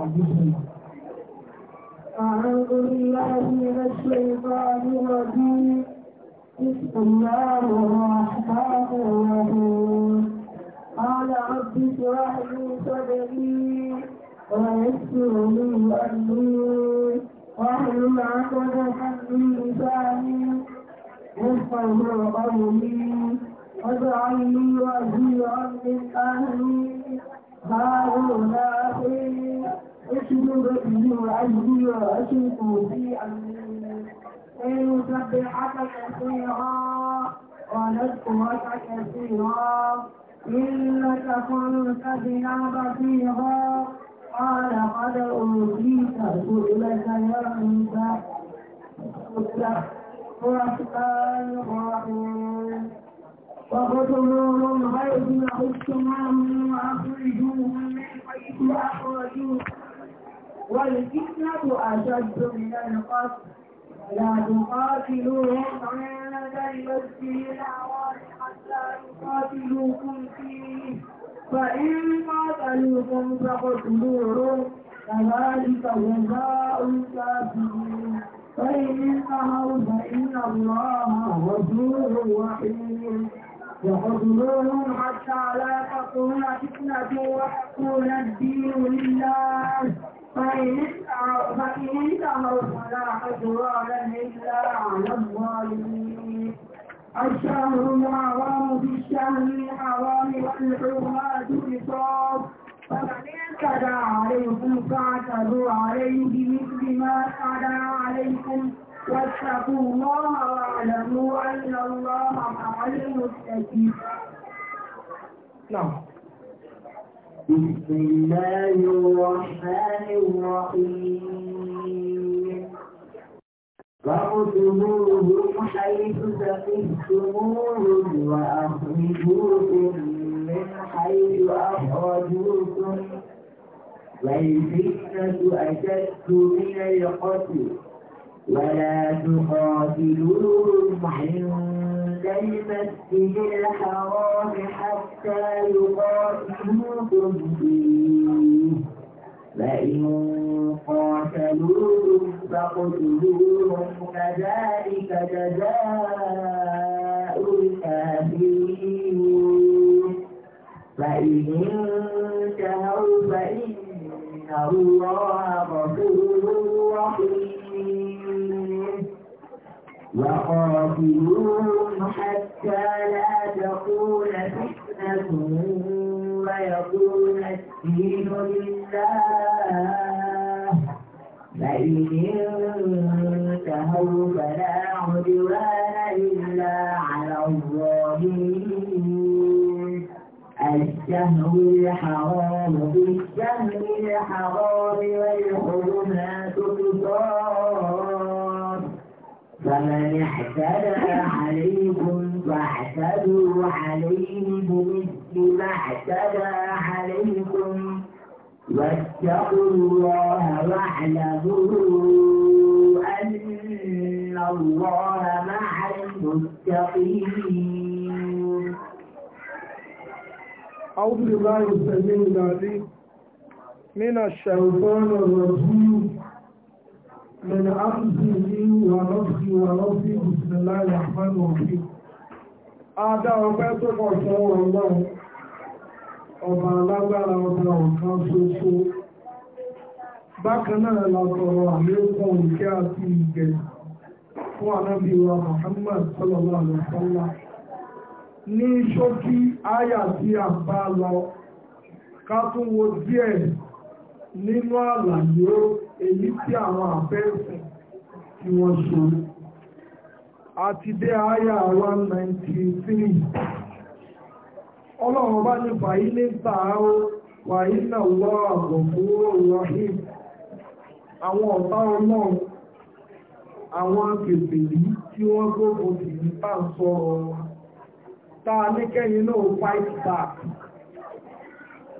أعوذ بالله من الشيطان الرجيم بسم الله الرحمن الرحيم قال رب اشرح لي صدري ويسر لي أمري واحلل عقدة من لساني يفقه قولي واجعل لي وزيرا من أهلي هارون أخي اشهدوا بأيدي وأيدي وأشركوا في أمين كي نسبحك كثيرا ونذكرك كثيرا إنك كنت بنا بصيرا قال قد أوتيت سؤلك يا موسى الرحمن الرحيم وقتلوهم حيث نحشتموهم وأخرجوهم من حيث أخرجوكم والفتنة أشد من القتل لا تقاتلوهم عند المسجد الحرام حتى يقاتلوكم فيه فإن قاتلوكم فاقتلوهم كذلك جزاء الكافرين فإن انتهوا فإن الله غفور رحيم وقتلوهم حتى لا تكون فتنة ويكون الدين لله فإن انتهوا فلا عدوان إلا على الظالمين الشهر الحرام في الشهر الحرام والحرمات قصاص فمن اعتدى عليكم فاعتدوا عليه بمثل ما اعتدى عليكم واتقوا الله واعلموا أن الله مع المتقين. نعم. بسم الله الرحمن الرحيم فاقتلوهم حيث ثقفتموهم واخرجوهم من حيث أخرجوكم والفتنة أشد من القتل ولا تقاتلوهم عند المسجد الحرام حتى يقاتلوكم فيه فإن قاتلوهم فاقتلوهم كذلك جزاء الكافرين فإن انتهوا فإن الله غفور رحيم وقاتلوهم حتى لا تكون فتنة ويكون الدين لله فإن انتهوا فلا عدوان إلا على الظالمين الشهر الحرام بالشهر الحرام والحرمات قصار فمن اعتدى عليكم فاعتدوا عليه بمثل ما اعتدى عليكم واتقوا الله واعلموا أن الله مع المتقين أعوذ بالله السميع العليم من الشيطان الرجيم من عبده وربه وربه بسم الله الرحمن الرحيم Adá ọpẹ́ tó pọ̀ sọ́wọ́ ọlọ́run, ọba alágbára ọba ọ̀kan ṣoṣo. Bákan náà látọrọ àlékún ìkẹ́ àti ìgẹ̀ fún ànábì wa Muhammad sallallahu alaihi wasallam. Ní ṣókí áyà tí a bá lọ, ká tún wo díẹ̀ nínú àlàyé èyí tí àwọn àfẹ́ẹ̀sìn tí wọ́n ṣe àti dé àyà 193 ọlọ́run bá ní fàyí ní sàárò wàyí náà wọ́ àgbọ̀gbọ́ rahim àwọn ọ̀tá ọlọ́run àwọn kèfèrí tí wọ́n gbógun tì ní pàǹsọ ọ̀rọ̀ ta ní kẹ́yìn náà fight back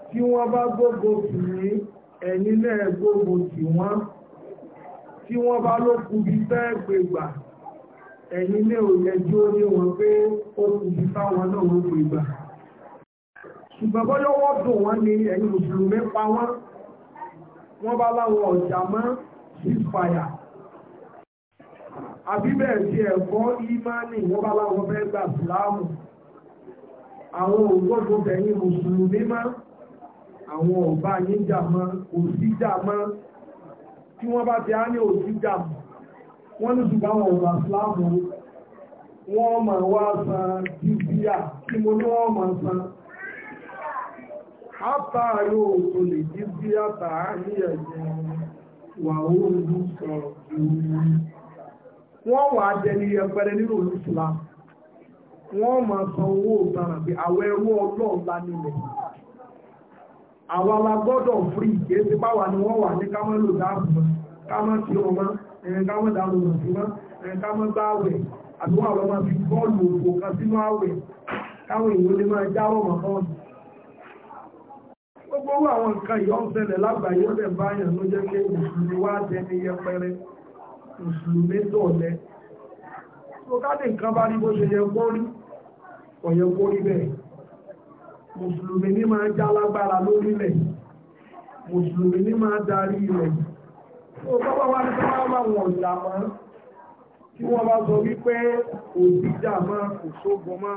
tí wọ́n bá gbógun tì ní ẹ̀yin náà gbógun tì wọ́n tí wọ́n bá ló kú bí bẹ́ẹ̀ gbègbà ẹ̀yin náà ò yẹ kí ó ní wọn pé ó kú bí fáwọn náà ó gbègbà ṣùgbọ́n bọ́yọ́ wọ́n dùn wọ́n ní ẹ̀yin mùsùlùmí pa wọ́n wọ́n bá láwọn ọ̀jà mọ́ ceasefire àbí bẹ́ẹ̀ tí ẹ̀kọ́ ìmánì wọ́n bá láwọn fẹ́ gbà síláàmù àwọn ògbógun tẹ̀yìn mùsùlùmí máa àwọn ọba yín jà mọ́ kò sí jà mọ́ tí wọ́n bá ti á ní òsì jà mọ́ wọ́n ní ṣùgbọ́n àwọn ọ̀rọ̀ àsìláàmù wọ́n mọ̀ wá san jíjíà tí mo ní wọ́n mọ̀ san àtàrí òkò lè jíjíà tààrí ẹ̀jẹ̀ wà oòrùn sọ̀rọ̀ wọ́n wà á jẹ́ ní ẹgbẹ̀rẹ̀ nínú olùsùlá wọ́n mọ̀ san owó ìtàràn pé àwọn ẹrú ọlọ́ọ̀lá nílẹ̀ àwa la gbọ́dọ̀ fúri kéésì báwa ni wọ́n wà ní kámẹ́lò dáàbò kámẹ́ tí wọ́n mọ́ ẹ̀rìn kámẹ́ dáàbò mọ̀ sí mọ́ ẹ̀rìn kámẹ́ bá àwẹ̀ àdúgbò àwọn máa fi bọ́ọ̀lù òkò kan sínú àwẹ̀ káwọn èèyàn lè máa jáwọ́ mọ̀ kan. gbogbo owó àwọn nǹkan yìí ń ṣẹlẹ̀ lágbàáyé ọ̀dẹ̀ báyàn ló jẹ́ pé mùsùlùmí wá dẹni yẹpẹrẹ mùsùlùmí dọ̀lẹ́. tó ká mùsùlùmí ní máa já lágbára lórílẹ̀ mùsùlùmí ní máa darí ilẹ̀ tó bọ́bá wá ní sábà máa wọ̀n ìjà mọ́ kí wọ́n bá sọ wípé òdìjà máa kò sógun mọ́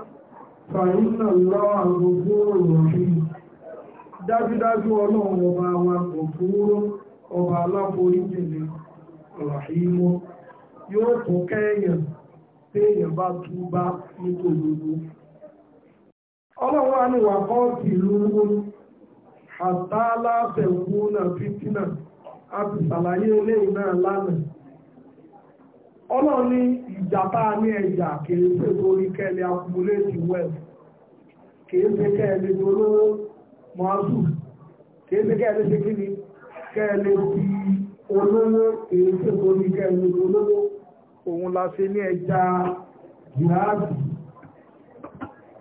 fàyínà lọ àwọn gbòòrò rí dájúdájú ọlọ́run ọba wa kò gbòòrò ọba aláforíjì ni ọ̀làhímọ́ yóò tún kẹ́yàn téèyàn bá túbá nítòlógún ọlọ́run á ní wà kọ́ọ̀tì lóhun àtàlàfẹ̀ wúnà fìtínà a ti ṣàlàyé eléyìí náà lánàá ọlọ́run ní ìjàpá ní ẹ̀jà kìí ṣe lórí kẹ́lẹ̀ accumulate wealth kìí ṣe kẹ́lẹ̀ dolówó mọ́ásù kìí ṣe kẹ́lẹ̀ ṣe kíni kẹ́lẹ̀ ti olówó kìí ṣe lórí kẹ́lẹ̀ dolówó òun la ṣe ní ẹja jihadi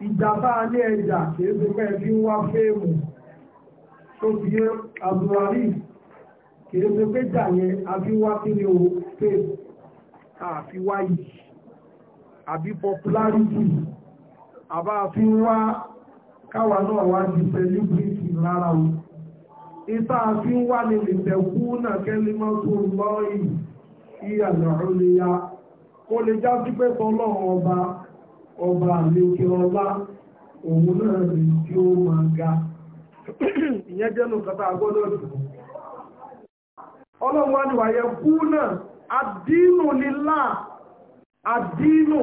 ìjàmbá ní ẹjà kìí ṣe pé ẹbí ń wá fẹ́ẹ̀mù tó fi yé abdulhari kìí ṣe pé jà yẹn àfiwá kíni o fẹ́ẹ̀mù àfiwá yìí àbí popularity àbá fi ń wá káwa náà wá di celebrity lára o ìta àfi wá ní lìtẹ̀kú náà kẹ́lí mọ́tò lọ́ọ̀yì ìyàlẹ̀ ọ̀rọ̀ lè ya kó lè já sí pé tọ́lọ́run ọba ọba àlékè ọba òun náà tí ó ma ga ìyẹn jẹ́ nǹkan tá a gbọ́dọ̀ ọlọ́run wá ní wàyẹ kú náà àdínù nílá àdínù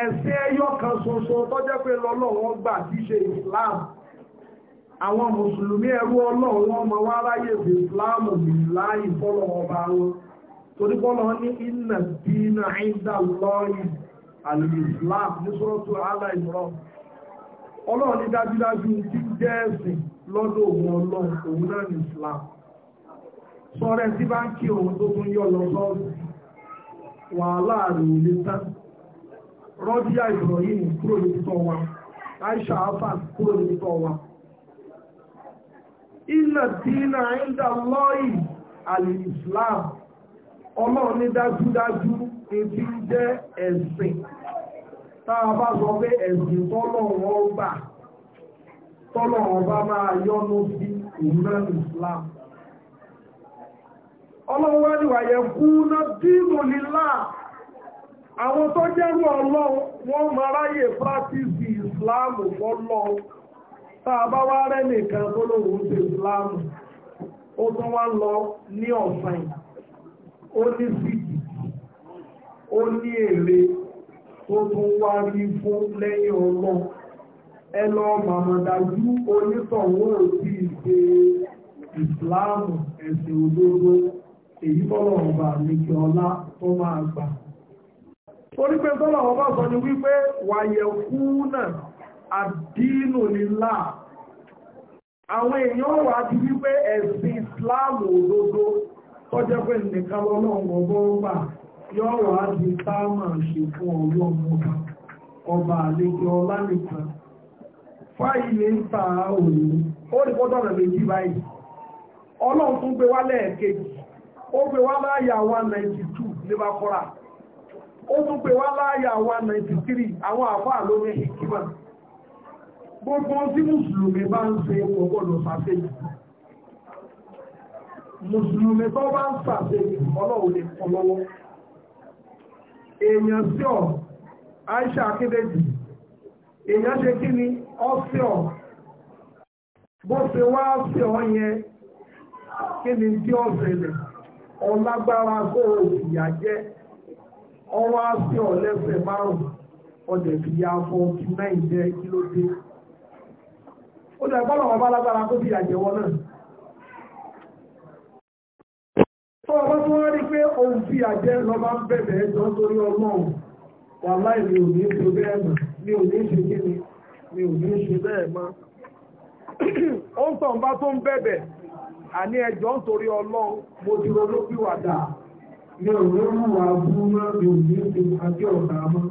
ẹ̀sìn ẹyọ kan ṣoṣo pé gbà tí ṣe Islam àwọn mùsùlùmí ẹrú ọlọ́run ọmọ wa torí ní ìnà dínà al-Islam ní sọ́rọ̀tù aláìmọ́rọ̀ ọlọ́run ní dájúdájú tí jẹ́ ẹ̀sìn lọ́dọ̀ òun ọlọ́run òun náà ní Islam sọ́rẹ́ tí bá ń kí òun tó tún yọ lọ sọ́ọ̀sì wàhálà rẹ̀ ò ní tọ́ Aisha afa kúrò ní tọ́ wa ilẹ̀ al-Islam ọlọ́run ní dájúdájú tí jẹ́ ẹ̀sìn táa bá sọ pé ẹ̀sìn tọ́lọ̀wọ́ gbà tọ́lọ̀wọ́ bá máa yọ́nú sí ìmọ̀ Islam ọlọ́run wá ní wàyẹ̀ kú ná dínú lílá àwọn tó jẹ́rú ọlọ́run wọ́n máa ráyè pàtíìsì Islam fọ́lọ́ táa bá wá rẹ́ nìkan tó lóhun sí Islam ó tún wá lọ ní ọ̀sán ó ní síkì ó ní èrè tó tún wá rí fún lẹ́yìn ọlọ́ ẹlọ màmàdájú onítọ̀wọ́ òsì ìṣe ìsìláàmù ẹ̀sìn òdodo èyí bọ́lọ̀ ọba nìkì ọlá tó máa gbà torí pé bọ́lọ̀ ọba sọ ni wípé wàyẹ̀ kú náà àdínù nílá àwọn èèyàn wà ti wípé ẹ̀sìn ìsìláàmù òdodo tọ́jẹ́ pé nìkan lọ́nà ọ̀gbọ́n gbà yọ́ wà á di táàmà ṣe fún ọba àlejò ọlánìkan fáìlì ń ta òní ó rí fọ́tọ̀ rẹ̀ méjì báyìí ọlọ́run tún gbé wá lẹ́ẹ̀kejì ó gbé wá láyà 192 lébàkọ́rà ó tún gbé 193 àwọn àfáà ló ní hikima gbogbo tí mùsùlùmí bá ń ṣe ọgbọ́dọ̀ mùsùlùmí tó bá èèyàn sí ọ̀ Aisha Akíndèjì èèyàn ṣe kí ni ọ́ sí ọ̀ bó ṣe wá sí ọ̀ yẹn kí ni tí ọ̀ ṣẹlẹ̀ ọlágbára kó o jẹ́ ọwọ́ sí ọ̀ lẹ́sẹ̀ márùn-ún fọ́ kí ló dé tó ọba tó wá rí pé ohun fi àjẹ́ lọ́ba ń ẹjọ́ torí ọlọ́run wà láì mi ò ní ṣe bẹ́ẹ̀ mọ́ mi ò ní ṣe kí ni mi ò ní ṣe bẹ́ẹ̀ ó ń tàn bá tó ń bẹ̀bẹ̀ àní ẹjọ́ torí ọlọ́run mo ti mi ò ní mú wa bú mọ́ mi ò ní ṣe àjẹ́ mọ́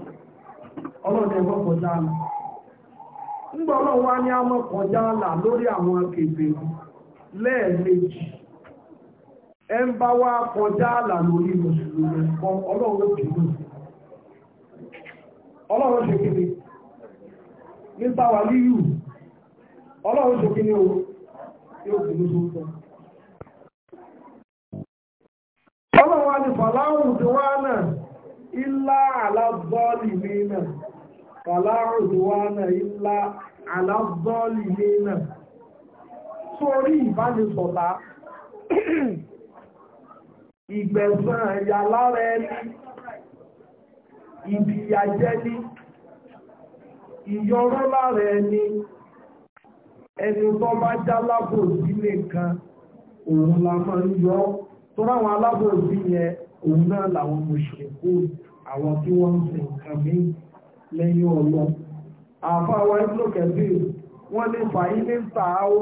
ọlọ́run kọjá lọ ẹ ń bá wá kọjá àlà lórí kọ ọlọ́run kìíní ọlọ́run ṣe kìíní nípa wà líyù ọlọ́run ṣe kìíní o yóò kìíní tó ń ọlọ́run wá ní fàláhùn tí wá náà ilá àlábọ́ọ̀lì mi náà fàláhùn tí wá náà ilá àlábọ́ọ̀lì mi náà sórí ìgbẹ̀sán ẹ̀yà lára ẹni ìbìyàjẹ́ ní ìyọrọ́ lára ẹni ẹni tó bá já lábòsí nìkan òun la máa ń yọ tó ráwọn alábòsí yẹn òun náà làwọn mùsùlùmí àwọn tí wọ́n ń sin nǹkan mí lẹ́yìn ọlọ́ àfa wa ìlú kẹfì wọ́n lè fà yí ní sàáwó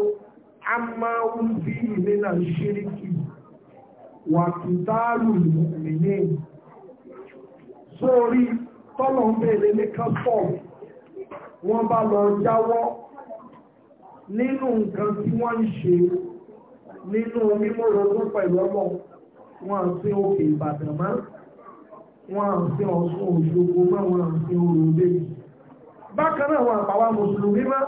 a máa ń fi ìlú ṣíríkì wà kìtàlù ìmìnì sórí tọ́lọ̀ ń bèèrè ní kásọ̀m wọ́n bá lọ jáwọ́ nínú nǹkan tí wọ́n ń ṣe nínú mímọ́rogún pẹ̀lú ọmọ wọn à ń sin òkè Ìbàdàn mọ́ wọn à ń sin Ọ̀ṣun Òṣogbo mọ́ wọn à ń sin Òròdé bákan náà wọn àpàwà mùsùlùmí mọ́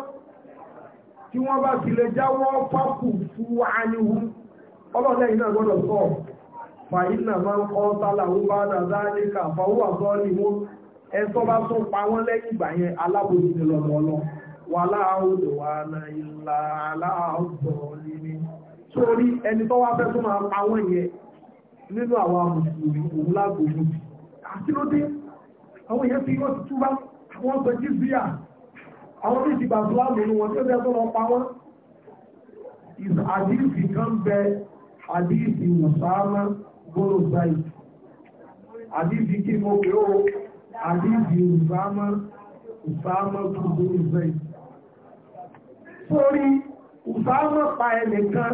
tí wọ́n bá ti lè jáwọ́ pápù fún ánìhùn ọlọ́dẹ iná gbọ́dọ̀ sọ fàyínà máa ń kọ́ sálà ó bá dà dáríkà fàwọ́ àtọ́ ni wọ́n ẹ̀tọ́ bá tún pa wọ́n lẹ́yìn ìgbà yẹn alábòjì lọ́dọ̀ ọlọ́ wà láàrúdò wà náà ìlà aláàbọ̀ nínú sórí ẹni tó wá fẹ́ tó máa pa wọ́n yẹn nínú àwọn amùsùlùmí òun lágbòjì àti lóde àwọn èèyàn ti wọ́n ti túbá wọ́n sọ jí bíà àwọn tó ti gbà fúlàmù nínú wọn tí ó fẹ́ tó lọ pa wọ́n àdìsí kan bẹ́ẹ̀ àdíìsì mùsàámá gbọ́rọ̀ báyìí àdíìsì kí mo pè ó àdíìsì mùsàámá mùsàámá gbọ́rọ̀ báyìí sórí mùsàámá pa ẹnìkan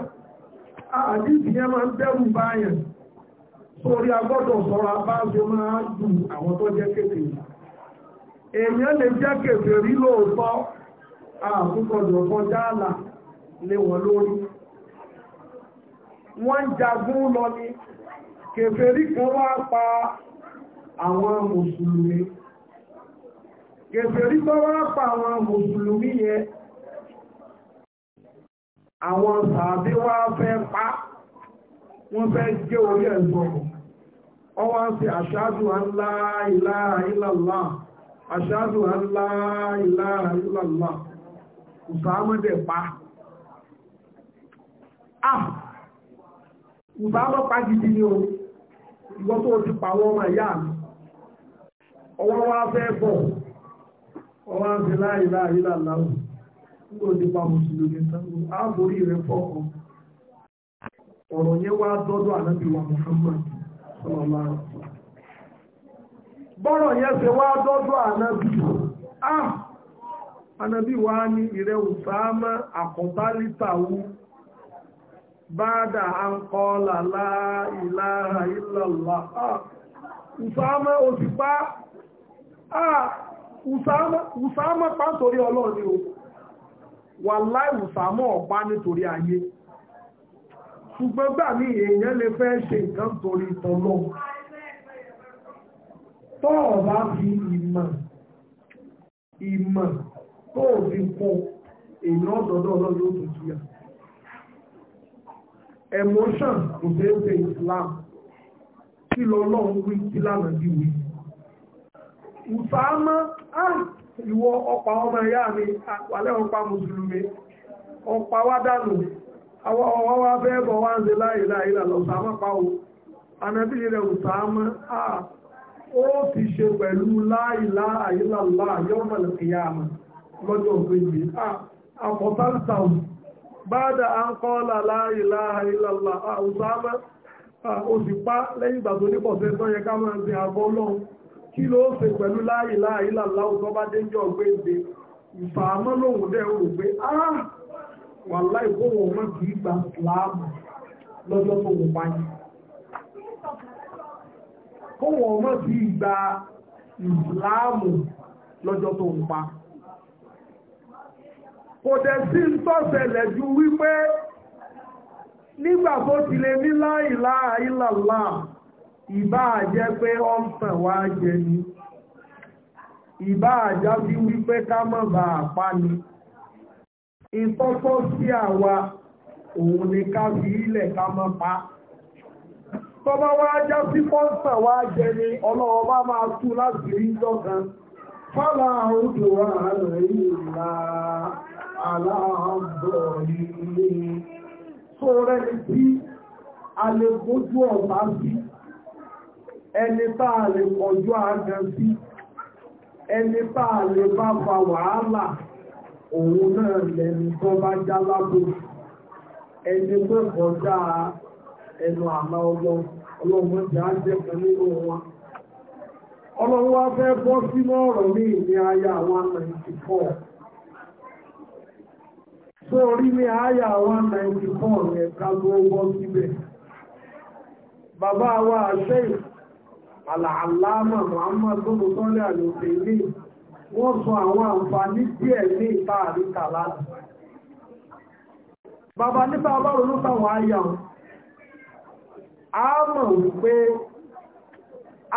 àdíìsì yẹn máa ń dẹ́rù báyàn sórí agbọ́dọ̀ sọ́ra bá ṣe máa dù àwọn tó jẹ́ kékeré èèyàn lè jẹ́ kékeré lóòótọ́ àkúkọ̀dọ̀ kọjá àlà lé wọn lórí wọ́n jagun lọ ní kèfèrí kan wá pa àwọn mùsùlùmí kèfèrí kan wá pa àwọn mùsùlùmí yẹn àwọn sàbí wá fẹ́ pa wọ́n fẹ́ gé orí ẹ̀sọ̀rọ̀ ọwá ń fi àṣáàdù ńlá ilaha illallah àṣáàdù ńlá ilaha illallah kùsàmọ́dẹ̀ pa ah mgbe ọlọ́pàá gidi ni o ìwọ́n tó ti pa ọmọ ìyá mi ọwọ́ wa fẹ́ bọ̀ ọwọ́ àti láì láì bụ ti pa mùsùlùmí tán àbórí rẹ̀ fọ́kọ ọ̀rọ̀ yẹn wá dọ́dọ̀ wa bada an kọ́lá láìláha ìlàlá Usama òsìpá Usama pa nítorí ọlọ́ni o wà láì Usama ọ̀pá nítorí ayé ṣùgbọ́n gbà ní èèyàn lè fẹ́ ṣe nǹkan torí tọ́lọ́ tọ́ọ̀ bá fi ìmọ̀ ìmọ̀ tó fi kún èèyàn ọ̀dọ́dọ́ ọlọ́ni ó tó jíyà emotion kò fẹ́ ṣe Islam kí lọ lọ́run wí kí lánà bí wí. Usama ah, ìwọ ọ̀pá ọmọ ìyá mi wàlẹ́ ọ̀pá mùsùlùmí ọ̀pá wá dànù àwọn ọwọ́ wá fẹ́ bọ̀ wá ń ṣe láì láì lọ Usama pa o ànábì rẹ̀ Usama a ó ti ṣe pẹ̀lú láì láì láì láì yọ́mọ̀lẹ̀ kìyàmà lọ́jọ́ ògbéjì a àpọ̀tá ń sàùn báadà an kọ́ọ̀lá láàrínláà ìlàlá àwùsáàmà òsìpá lẹ́yìn ìgbà tó nípọ̀sẹ̀ tó yẹ ká máa ń sin àbọ́ lọ́n kí ló ṣe pẹ̀lú láàrínláà ìlàlá òtọ́ bá déjọ́ gbéǹde ìfààmọ́ lòun dẹ̀ rò pé áà wà láì kóhùn ọmọ kì í gba láàmù lọ́jọ́ tó wù báyìí kóhùn ọmọ kì í gba ìsìláàmù lọ́jọ́ tó kò dẹ̀ sí ń tọ́sẹ̀lẹ̀ ju wípé nígbà tó ti lè ní láìlá ìlàlá ìbá àjẹ́ pé ó ń tàn wá jẹ ni ìbá àjá bí wípé ká mọ̀ bá àpá ni ìtọ́tọ́ sí àwa òun ni ká fi ilẹ̀ ká mọ́ pa tó wá já sí pọ́ǹtà wá jẹ ni ọlọ́wọ́ máa tú láti rí jọ kan fọ́lá àwọn òdòwà àárẹ̀ ìlú ìlà aláàbọ̀lẹ̀ tó rẹ̀ bí a lè gbójú ọ̀tá sí ẹni tá a lè kọjú àgàn sí ẹni tá a lè bá fa wàhálà òun náà lẹ́ni tó bá já lábò ẹni tó kọjá ẹnu àmà ọlọ́run jẹ́ àjẹ́kẹ́ nínú wọn ọlọ́run wá fẹ́ bọ́ sínú ọ̀rọ̀ ní ìní ayé àwọn 94 tó orí ní àyà 194 yẹn ká ló wọ́ síbẹ̀ bàbá wa àṣẹ àlàálámà Muhammadu sọ́lẹ̀ àlòfẹ́ ilé wọ́n sọ àwọn àǹfààní díẹ̀ ní ìta àríkà láti bàbá nípa ọlọ́run ló sáwọn àyà wọn a mọ̀ wípé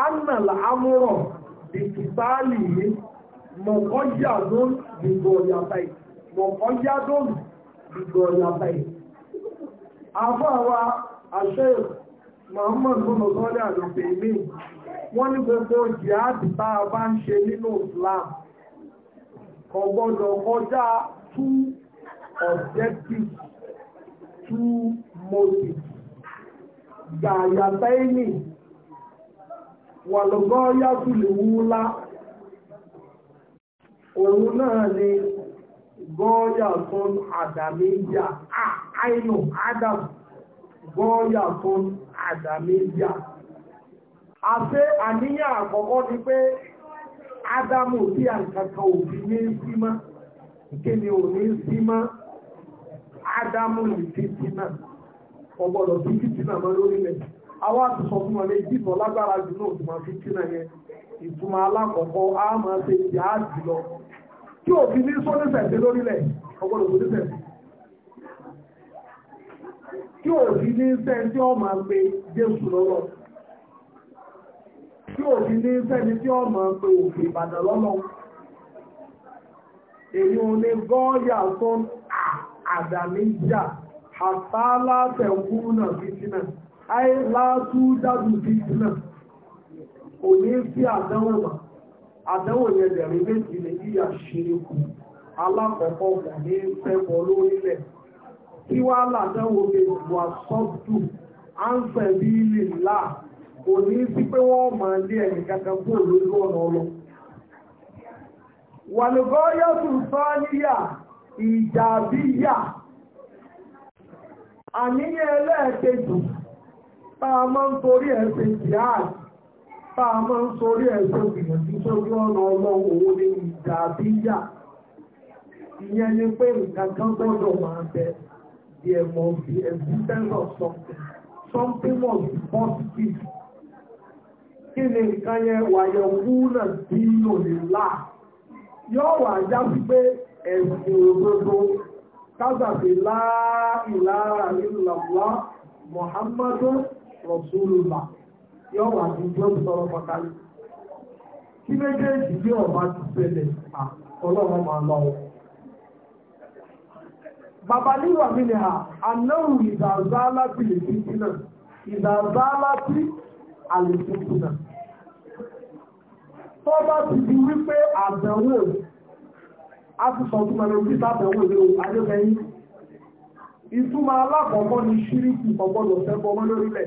annal amúrọ̀ dìkìtálì yìí mọ̀kọ́jà tó dìbò yàtà ìtì mọ̀kọ́ yádọ́nù ìgbọ̀nyà báyìí. Àbọ̀ àwa àṣẹ Muhammad Bọ́lá Sọ́lẹ̀ àlọ́pẹ̀ mí wọ́n ní gbogbo jihadi bá a bá ń ṣe nínú Islam kò kọjá two objectives two motives gbàyàtà ẹni wàlọ́gọ́ yàtúlẹ̀ wúlá òun náà ni gọ́ọ̀yà tó ń I know adam gọ́ọ̀yà tó ń A àṣẹ àníyàn àkọ́kọ́ ni pé ádámù a àǹkàkà òbí ní símá kí ni ò ní símá ádámù ní fìtínà ọgbọ́dọ̀ bí fìtínà máa lórí rẹ̀ àwọn àtúnṣọ fún wọn lágbára jù náà tí òbí ní sọ́lẹ́sẹ̀dé lórílẹ̀ ọgbọ́dọ̀ tó dẹ́sẹ̀ tí òbí ní sẹ́ni tí ọmọ pé Jésù lọ́lọ́ tí òbí ní sẹ́ni tí ọmọ pé òfin Ìbàdàn lọ́lọ́ èyí ò ní gọ́ọ̀yà tó àdàmíjà àtàlà tẹ̀kú náà fìtínà àìlá tú dájú fìtínà òní sí àdánwò àdánwò yẹn bẹ̀rẹ̀ méjì lè yíyà ṣe ni alákọ̀ọ́kọ́ kò ní fẹ́bọ lórílẹ̀ tí wá làdánwò méjì wà sọ́tù à ń fẹ̀ bí ilé ńlá kò ní sí pé wọ́n máa lé ẹ̀mí kankan ya lójú ọ̀nà ọlọ. wàlùkọ́ ìjà a máa ń torí jihad tá a máa ń sọrí ẹ̀sọ́ ìgbìyànjú sórí ọ̀nà ọlọ́run owó ní ìjà àbíyà ìyẹn ni pé nǹkan kan gbọ́dọ̀ máa bẹ there must be existence of something something must be positive kí ni nǹkan yẹn wàyẹ̀ wú náà bí lòlè láà yóò wà já sí pé ẹ̀sìn òdodo kásàfì láà ìlàrà nílùú làbúlá Muhammadu Rasulullah yóò wà ní glóòbù sọ̀rọ̀ pàkálí kí méjèèjì bí ọba ti ṣẹlẹ̀ ọlọ́run máa lọ wọn. bàbá níwà mi ni ànáwù ìdàzá láti lè fi sínà ìdàzá láti àlèkùn sínà tó bá ti di wípé àbẹ̀wò a ti sọ fún ẹni orí sábẹ̀wò ilé ayébẹ̀yìn ìtumọ̀ alákọ̀ọ́kọ́ ni ṣíríkù ọgbọ́dọ̀ sẹ́gbọ́ ọmọ lórílẹ̀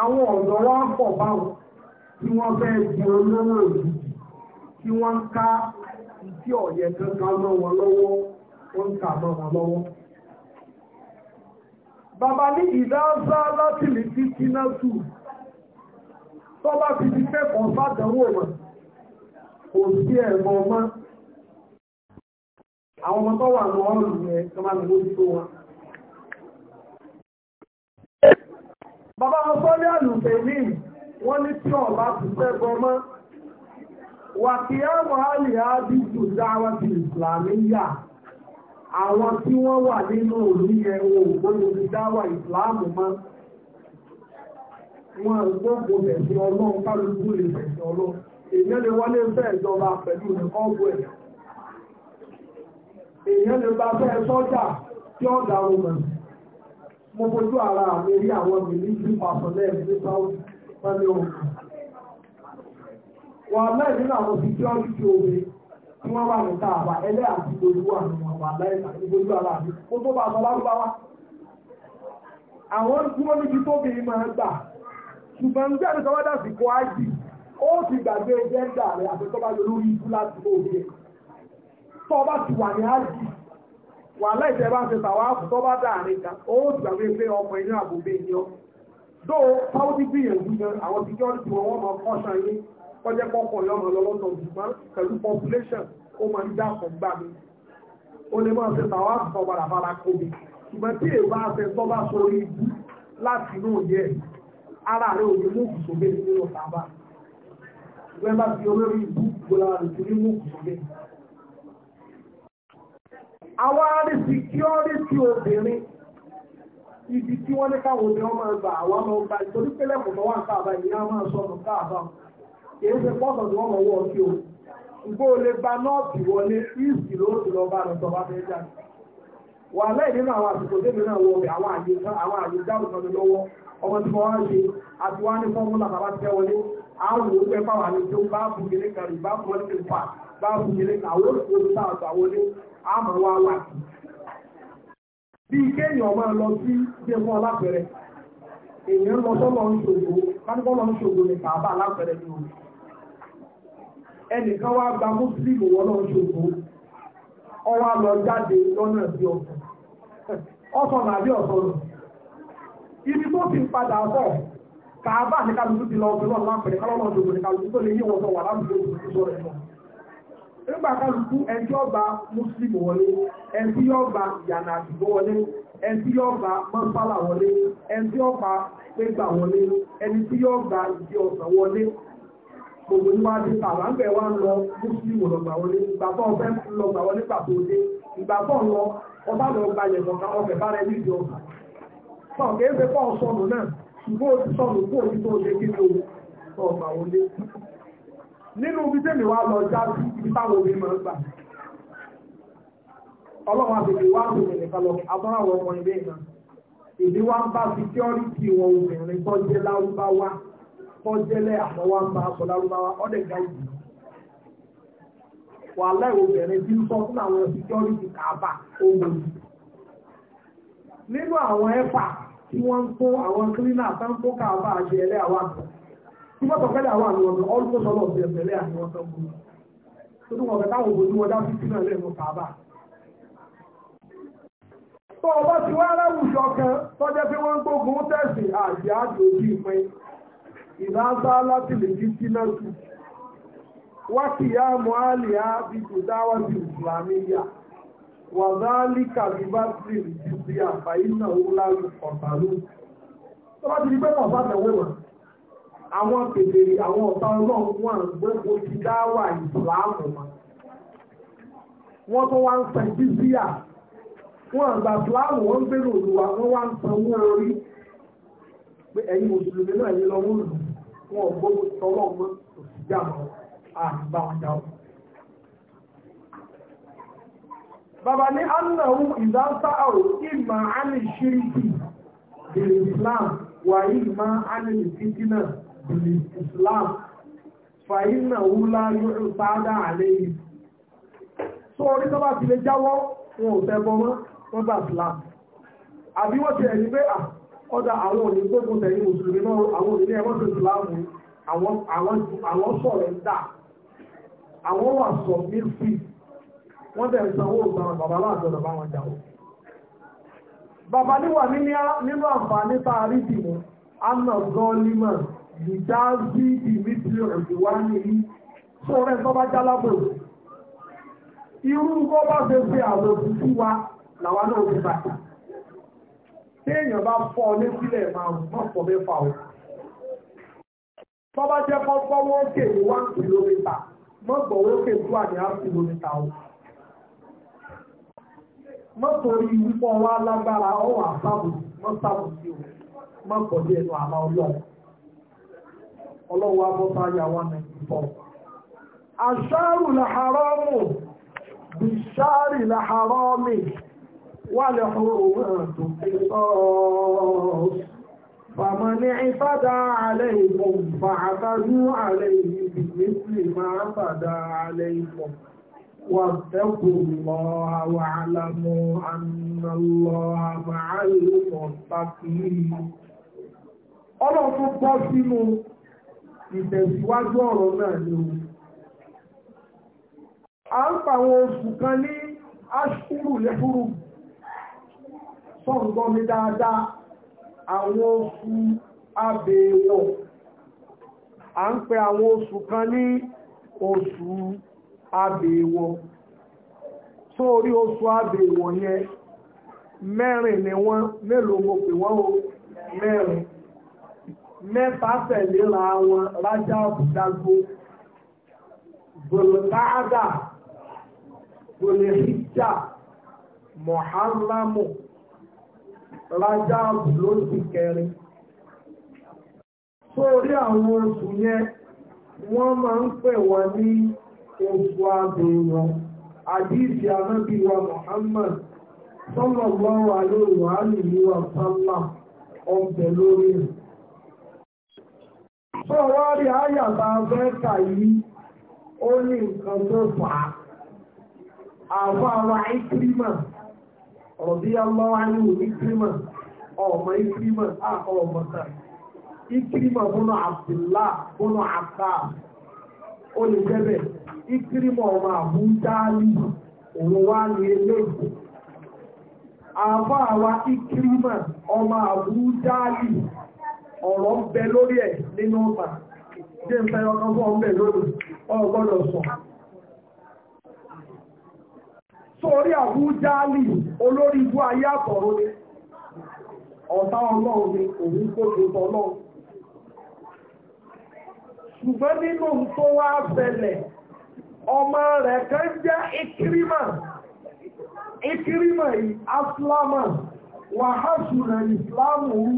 àwọn ọ̀dọ́ wá pọ̀ báwọn tí wọ́n fẹ́ di olówó òjijì tí wọ́n ń ká ìtí ọ̀yẹ̀ kankan mọ́ wọn lọ́wọ́ ó ń kà mọ́ wọn lọ́wọ́. bàbá ní ìdáńsá láti lè ti kíná tù tó bá ti di kẹ́kọ̀ọ́ sádánwò wọn kò sí ẹ̀mọ́ mọ́ àwọn ọmọ tó wà lọ́rùn yẹn tó máa ń mójútó wọn. Bàbá wọn sọ ní àlùfẹ́ ní wọ́n ní tí ọ̀bá ti fẹ́gbọ́ mọ́. Wà kí á mọ̀ á lè á bí jù dáwà ti ìsìlámíyà. Àwọn tí wọ́n wà nínú òní yẹn wo ògbóyò ti dáwà ìsìlámù mọ́. Wọ́n gbogbo bẹ̀sẹ̀ ọlọ́run kálukú lè bẹ̀sẹ̀ ọlọ́run. Èèyàn lè wọlé fẹ́ mo fojú ara rí àwọn ní wà àwọn omi tí wọ́n wà ní káàbà ẹlẹ́ àti gbogbo àwọn ní ara mi ó tó bá sọ lárúbáwá àwọn tí wọ́n níbi tó bèèrè máa gbà ṣùgbọ́n jẹ́ àti sọ́wọ́dà sí ájì ó gbàgbé jẹ́ńdà rẹ̀ àti yọ lórí ikú láti wàhálà ìṣẹ́ bá ń ṣe tàwáàfù tó bá dáàrin kan ó gbàgbé pé ọmọ inú àbòbí ènìyàn tó sáwọ́dí gbìyànjú gan àwọn tí jọ́ ju ọwọ́ máa kọ́ṣà yé kọjẹ́ pọ́pọ̀ yọ ọmọ lọ́lọ́tọ̀ ṣùgbọ́n pẹ̀lú population ó máa ń dàpọ̀ gbà mí ó lè máa ṣe tàwáàfù tó padà fara kó mi ṣùgbọ́n tí èèyàn bá ṣe tó bá sọ ibú láti inú òye ara rẹ̀ òye mú kùsùgbé nínú tàbá ìgbẹ́ bá fi olórí ibú gbọ́dọ̀ àwọn arìsì kí ó rí sí obìnrin ibi tí wọ́n ní káwọn obìnrin máa gbà àwọn ọmọ ọgbà ìtorí pé lẹ́kùn wà ń káàbá ìyá máa sọ ọmọ èyí ṣe pọ́sọ̀ tí wọ́n mọ̀ wọ́ o ṣùgbọ́n o lè ba nọ́ọ̀tì wọlé ìsì ló ti lọ bá lọ́tọ̀ bá fẹ́ jáde wà lẹ́yìn nínú àwọn àsìkò tẹ́mi náà wọ bẹ̀ àwọn àyè lọ́wọ́ ọmọ tí wá ṣe àti wá ní bàbá ti àwọn òpẹ́ fáwọn àlejò bá bù gẹ́lẹ́ kan bá bù ọ́n ti pa bá bù gẹ́lẹ́ kan tá àmọ́ wà bí kéèyàn lọ lọ ń ṣògo lọ ń ṣògo ní ni o ẹnìkan wá gba mùsùlùmí wọn lọ ń ṣògo ọwọ́ lọ jáde lọ́nà bí ọ̀sán ọ̀sán ọ̀sán ibi tó ti padà Ka ní kálukú ti lọ ọ̀gbẹ́lọ́ lápẹ̀rẹ̀ kálọ́lọ́ ọ̀dọ̀gbọ̀n ní kálukú tó lè yí wọn sọ wà láwùjọ òṣìṣọ́ rẹ̀ lọ. nígbà kálukú ẹni ọba muslim ìwọ òtún sọ̀rọ̀ Nínú ibi tẹ́mi wá lọ já sí ibi máa ń gbà. Ọlọ́run àbèbè wá ń bèbè lọ, abọ́ráwọ̀ ọmọ ilé Èdè wa ń bá security wọn obìnrin tó lárúbáwá, àmọ́ ń bá aṣọ lárúbáwá, ga ìdì. tí wọ́n ń kó àwọn kílínà tán kó káàbà àṣẹ ẹlẹ́ àwọn àgbà tí wọ́n tọ̀ fẹ́lẹ̀ àwọn àwọn ọlọ́pọ̀ sọ́lọ̀ sí ẹ̀fẹ̀lẹ́ àwọn ọ̀tọ̀ gbogbo tó tún wọ̀n táwọn òbòjú wọn dá fífi náà lẹ́nu káàbà. tó ọba ti wá aláwùjọ kan tọ́jẹ́ pé wọ́n ń gbógun tẹ̀sí àti àjò ojú ìpín ìdáńsá láti lè fi sínà tù wákìyà mọ́ àlìyá bíbù dáwà sí ìsìlámíyà wàzálíkà rìbátì ti àfàyínà ńlá ọ̀tàlú tó bá ti di pé wọ́n bá tẹ̀wé wọn àwọn pèsèrè àwọn ọ̀tá ọlọ́run wọn gbogbo ti dáwà ìsìláàmù wọn wọ́n tó wá ń san jíjíà wọ́n àgbà ìsìláàmù wọ́n ń gbèrò òdùwà wọ́n wá ń san owó orí pé ẹ̀yin mùsùlùmí náà ẹ̀yin lọ́wọ́ lù wọ́n gbogbo tọ́lọ́ mọ́ òsì bàbá ní annahu ìdáńtà àrò ìmọ̀ àmì ṣíríkì bil Islam wà ìmọ̀ àmì ìfìtínà bil Islam fàyínà wúlá yóò sáádà àléyìn tó orí tó bá ti lè jáwọ́ wọn ò tẹ́bọ mọ́ wọ́n bá Islam àbí wọ́n ti ẹ̀yìn pé ọ̀dà àwọn òní gbogbo tẹ̀yìn mùsùlùmí náà àwọn òní ẹ̀wọ́n ti Islam àwọn sọ̀rọ̀ ń dà àwọn wà sọ ní fíìs wọ́n bẹ̀rẹ̀ sanwó òsàn bàbá aláàjọ̀dọ̀ bá wọn jà ó. bàbá níwà nínú àǹfààní tá a rí dìmú anna gọ́ọ̀límà ìdájí dimitri ọ̀dùwání yìí sọ̀rọ̀ ẹ̀ tọ́ba jálábò irú kó bá ṣe ṣe àwọn òṣìṣẹ́ wa làwa náà ti bàtà téèyàn bá fọ́ ọ létílẹ̀ máa mọ̀ fọ́ mẹ́fà o tọ́ba jẹ́ kọ́ gbọ́wọ́ òkè ní one kilometre mọ́gbọ̀wọ́ òkè two and a half o. mọ́tò orí wípọ̀ wá lágbára ó wà sábù mọ́ sí o mọ́ ẹnu àlá ọlọ́run ọlọ́run abọ́ta yà wà nàìjíríà pọ̀. àṣàrù làhárọ́mù bìṣàrì wà lẹ́hùrù ẹ̀ǹtù ìsọ́ọ̀ọ́ ma وَاتَّقُوا اللَّهَ واعلموا أَنَّ اللَّهَ مع المتقين ọlọ́run tó bọ́ sínú ìtẹ̀síwájú ọ̀rọ̀ náà ni o a ń pa àwọn oṣù kan ní aṣkúrù lẹ́fúrù sọ́ǹgbọ́ mi dáadáa àwọn oṣù abèèwọ̀ a ń pè àwọn oṣù kan ní oṣù abèèwọ̀ tó orí oṣù abèèwọ̀ yẹn mẹ́rin ni wọ́n mélòó mo pè wọ́n o mẹ́rin mẹ́ta tẹ̀léra wọn rájá dágbó bòlùkáàdà bòlùhíjà mọ̀hálámù rájá ló ti kẹrin sórí àwọn oṣù yẹn wọ́n máa ń pè wọ́n ní ojú ààbò wọn àdíìsì Muhammad sallallahu alaihi wa alihi wa sallam ọ̀bẹ̀ lórí rẹ̀ sọ wá rí àyàbá abẹ́ẹ̀kà yìí ó ní nǹkan tó fà á àbá wa ìkírímà ọ̀bí aláwọ̀ ní ìkírímà ọmọ ìkírímà àkọ́ ọmọ kan Abdullah bụ na ó lè jẹ́ ìkírímọ̀ ọmọ àbújáàlì òun wá ní eléyìí àwa ìkírímọ̀ ọmọ àbújáàlì ọ̀rọ̀ ń lórí ẹ̀ nínú ọmọ jẹ́ ń fẹ́ ọkàn fún ọmọ lórí ọgbọ́dọ̀ sọ sórí àbújáàlì olórí ibú ayé ni ọ̀tá ọlọ́run ni òun nínú tó wá ọmọ rẹ̀ kan jẹ́ ìkírímà ìkírímà yìí aflámà wàhásùnà ìsìláàmù rú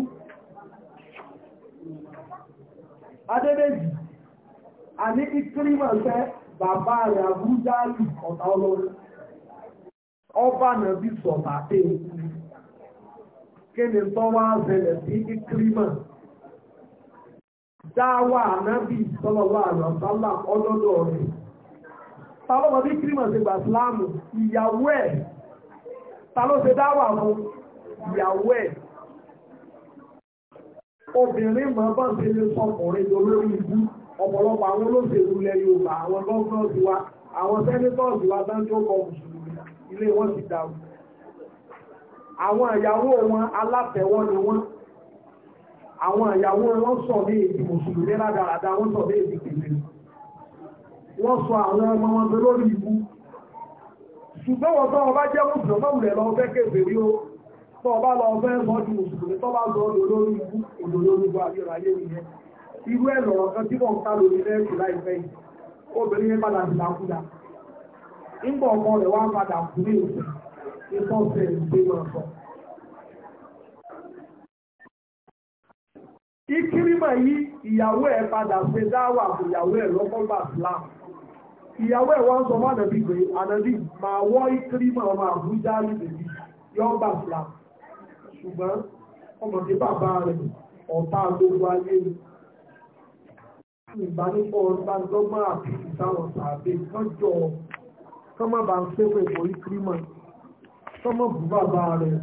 adédèjì ní ìkírímà fẹ́ bàbá rẹ̀ àbújáàlì ọ̀tá ọlọ́run ọba nàbí sọ̀tà pé kí ni tọ́wọ́ àzẹlẹ̀ sí ìkírímà dáwà nàbí sọ́lọ́lá àlọ́sálà ọdọ́dọ̀ ta ló mọ bí kírímọ̀ ṣe gbà síláàmù ìyàwó ẹ̀ ta ló ṣe dáwà fún ìyàwó ẹ̀ obìnrin mọ̀ bá ń ṣe lè sọkùnrin lórí ibú ọ̀pọ̀lọpọ̀ àwọn olóṣèlú ilẹ̀ Yorùbá àwọn gọ́ọ̀nọ́ọ̀sì wa àwọn sẹ́nítọ́ọ̀sì wa dáńjọ́ kọ mùsùlùmí ilé wọn ti dàrú àwọn ìyàwó wọn alátẹ̀wọ́ ni wọ́n àwọn ìyàwó wọn sọ ní èdè mùsùlùmí ládàradà wọ́n sọ ní èdè wọ́n sọ àwọn ọmọ wọn bẹ lórí ibú ṣùgbọ́n wọ́n tọ́ ọba jẹ́ mùsùlùmí ọmọlẹ̀ lọ fẹ́ kéfèrí ó tọ́ ọba lọ fẹ́ sọ ju mùsùlùmí tọ́ bá sọ ọdọ lórí ibú ọdọ lórí ibú àbíọ̀rọ̀ ayé nìyẹn irú ẹ̀ lọ̀rọ̀ kan tí wọ́n ń ká lórí lẹ́ẹ̀kì láìpẹ́ yìí obìnrin yẹn padà sí làkúdà nígbà ọmọ rẹ̀ wá padà kú ní ìsìn ìtọ́sẹ̀ ìgbé wọn sọ. ìkírímà yìí ìyàwó ẹ̀ padà ṣe dáwà fún ìyàwó ẹ̀ lọ́kọ́ gbà sílámù ìyàwó ẹ̀ wọ́n sọ fún ànàbí pé ànàbí máa wọ́ ìkírí máa máa bú járe lèbi yọ́ bà fìlà ṣùgbọ́n ọmọdé bàbá rẹ̀ ọ̀tá gbogbo ayé ni ìbánipọ̀ gbàgbọ́gbọ́n àti ìtàwọn sàbẹ̀ kọjọ kọ́mọ bá ń sẹ́wọ̀ ìwò ìkírí mọ̀ kọ́mọ bú bàbá rẹ̀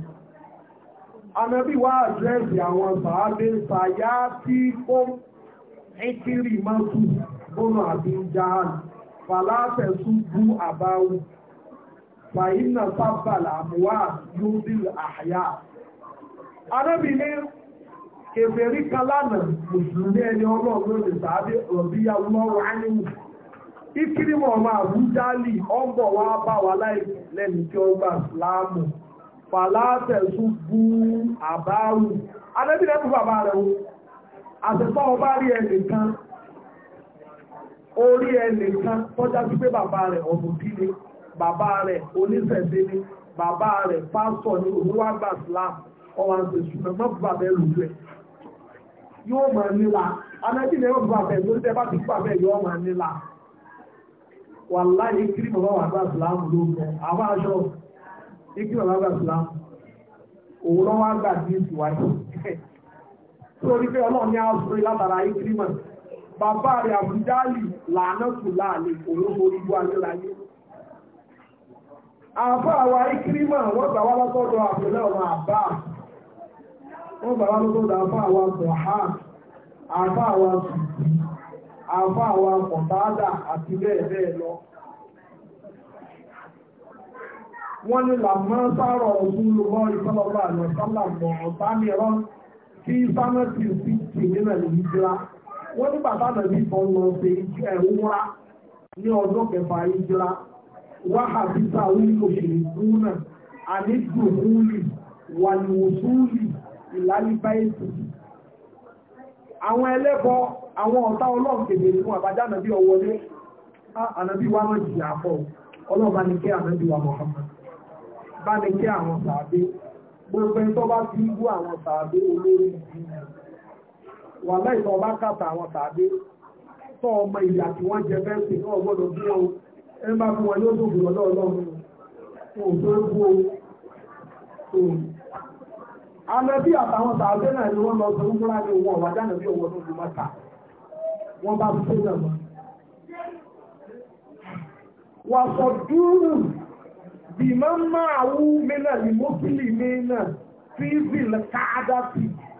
ànàbí wá àdírẹ́sì àwọn sàbẹ̀ sàyà tí kó ìkírí máa tù bọ́nà àbí jáàlì fàlàfẹ́ ṣubú àbáwù fàyínà sábàlà àmúwà yóòdìl àyà arábìnrin kèfèrí kalánà mùsùlùmí ẹni ọlọ́run lórí sàábé rọ̀bíyà lọ́rọ̀ ánìmù ìkírímọ̀ ọmọ àbújálì ọgbọ̀ wá bá wà láì lẹ́nu tí ó gbà síláàmù fàlàfẹ́ ṣubú àbáwù arábìnrin ẹ̀kú bàbá rẹ̀ o àtẹ̀tọ́ ọba rí ẹnìkan orí ẹnìkan tọ́já sí pé bàbá rẹ̀ ọ̀bùdí ni bàbá rẹ̀ oníṣẹ̀ṣe ni bàbá rẹ̀ pásọ̀ ni òwúwàgbà Islam ọ̀hún àti ìṣúná mọ́ bàbá bẹ́ẹ̀ lù rẹ̀ yóò máa nílà anájí ni ẹ̀rọ bàbá bẹ́ẹ̀ lórí bá ti bàbá yóò máa nílà wà láyé kiri bàbá wà gbà Islam ló ń bọ àwọn bàbá gbà Islam òun lọ́wọ́ ní ìsìwájú sórí pé ọlọ́run bàbá rẹ̀ àbújáàlì làánàtù láàlè olóko ibú ayérayé àbá àwa ikirima wọ́n gbà wá lọ́sọ́dọ̀ àbúlé ọmọ àbá wọ́n gbà wá lọ́sọ́dọ̀ àbá àwa bọ̀há àbá àwa sùdì àbá àwa kọ̀tádà àti bẹ́ẹ̀ bẹ́ẹ̀ lọ wọ́n ní làmọ́ sárọ̀ ọdún lọ́wọ́ ìfọ́lọ́lọ́ àlọ́sálàmọ̀ ọ̀tá mìíràn tí sámẹ́tì sí tìmínà lè yíjìlá wọ́n ní bàbá nàbí kan lọ sí ẹ̀wúra ní ọdún kẹfà ìjọra wáhàbíta orí òṣèlú kúnà àníjòkúlì wàlúwòsúlì ìlàlíbáìsì àwọn ẹlẹ́bọ àwọn ọ̀tá ọlọ́ọ̀kèdè fún àbájá nàbí ọwọlé ànàbí wà náà jìyà fọ́ ọlọ́ọ̀bá ní kí ànàbí wà mọ̀hánmà bá ní kí àwọn sàábé gbogbo ẹni tó bá fi gbó àwọn sàábé olórí ìdíyàn wà láìsọ ọba kàtà àwọn tàbí tọ́ ọmọ ìyà tí wọ́n jẹ fẹ́ǹsì náà gbọ́dọ̀ bí wọn ẹ bá fún wọn yóò tó gbùrọ̀ lọ́ọ̀lọ́run wọn ò tó o alẹ́bí àtàwọn tàbí náà ni wọ́n lọ sọ fúnra ní owó ọ̀wà jáde bí owó tó fi mọ́ta wọ́n bá fi sílẹ̀ mọ́ wà sọ dúró bí máa máa wú mí ní mọ́sílì mí fíìsì káàdá sí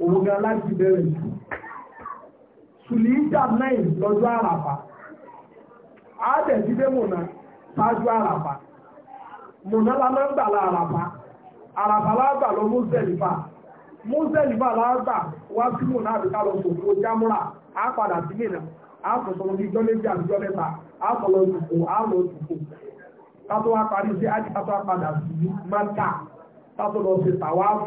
òun gan bẹ̀rẹ̀ sí sùlì ìjà náà lọ́jọ́ àràpá àádẹ́ ti dé mọ̀nà ṣáájú àràpá mọ̀nà la máa ń gbà la àràpá àràpá lágbà lọ mọ́sẹ̀lìfà mọ́sẹ̀lìfà lágbà wá sí mọ̀nà àbíká lọ sòfò jámúrà a padà sí mìíràn á sọ sọ bí jọ́ méjì àbí jọ́ mẹ́ta sọ lọ lọ wá parí sí sí lọ sí tàwáfù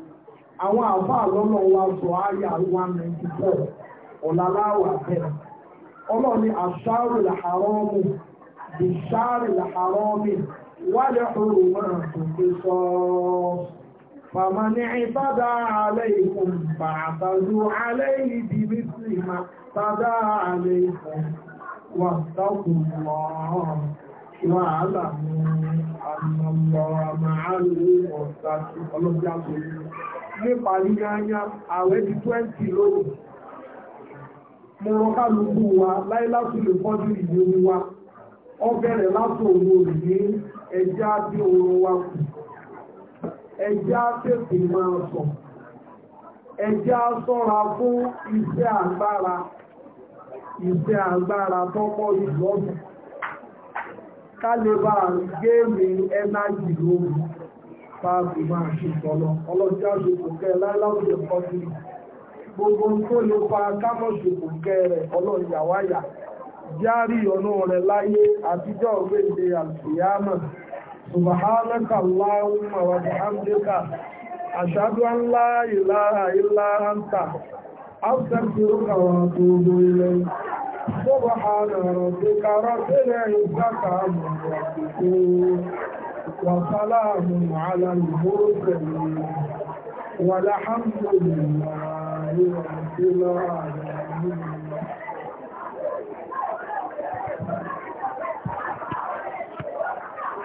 àwọn àbá àlọ́lọ́ wa sọ àyà 194 ọ̀làláwà bẹ́ẹ̀ ọlọ́ni àṣàrù làhàrọ́mù bìṣàrù làhàrọ́mù wálé ọrùn náà tó fi sọ fàmàní ìbádá aláìkùn fàtàdù aláìyí di mísìlì ma tàdá wà wàhálà ọ̀sán ọlọ́bí nípa yíyányá àwẹ̀ di 20 lónìí mo rán wa láyé láti lè fọ́jú ìlérí wa ọ bẹ̀rẹ̀ láti òun òrì ní ẹjẹ́ àti oorun wa kù ẹjẹ́ àtẹ̀sẹ̀ máa sọ ẹjẹ́ sọ́ra fún iṣẹ́ agbára iṣẹ́ agbára tọ́pọ̀ ìlọ́dún ká lè ẹnájì lóru táàbù máa ṣe ìtọ́lọ ọlọ́jọ́ àṣòkò láláwùjọ kọ́jú gbogbo tó lè fa kámọ̀ṣòkò rẹ̀ ọlọ́yàwáyà járí ọ̀nà rẹ̀ láyé àtijọ́ ògbéǹde àlùfíàmà subhanaka allahumma wa bihamdika ashhadu an la ilaha وسلام على المرسلين والحمد لله رب العالمين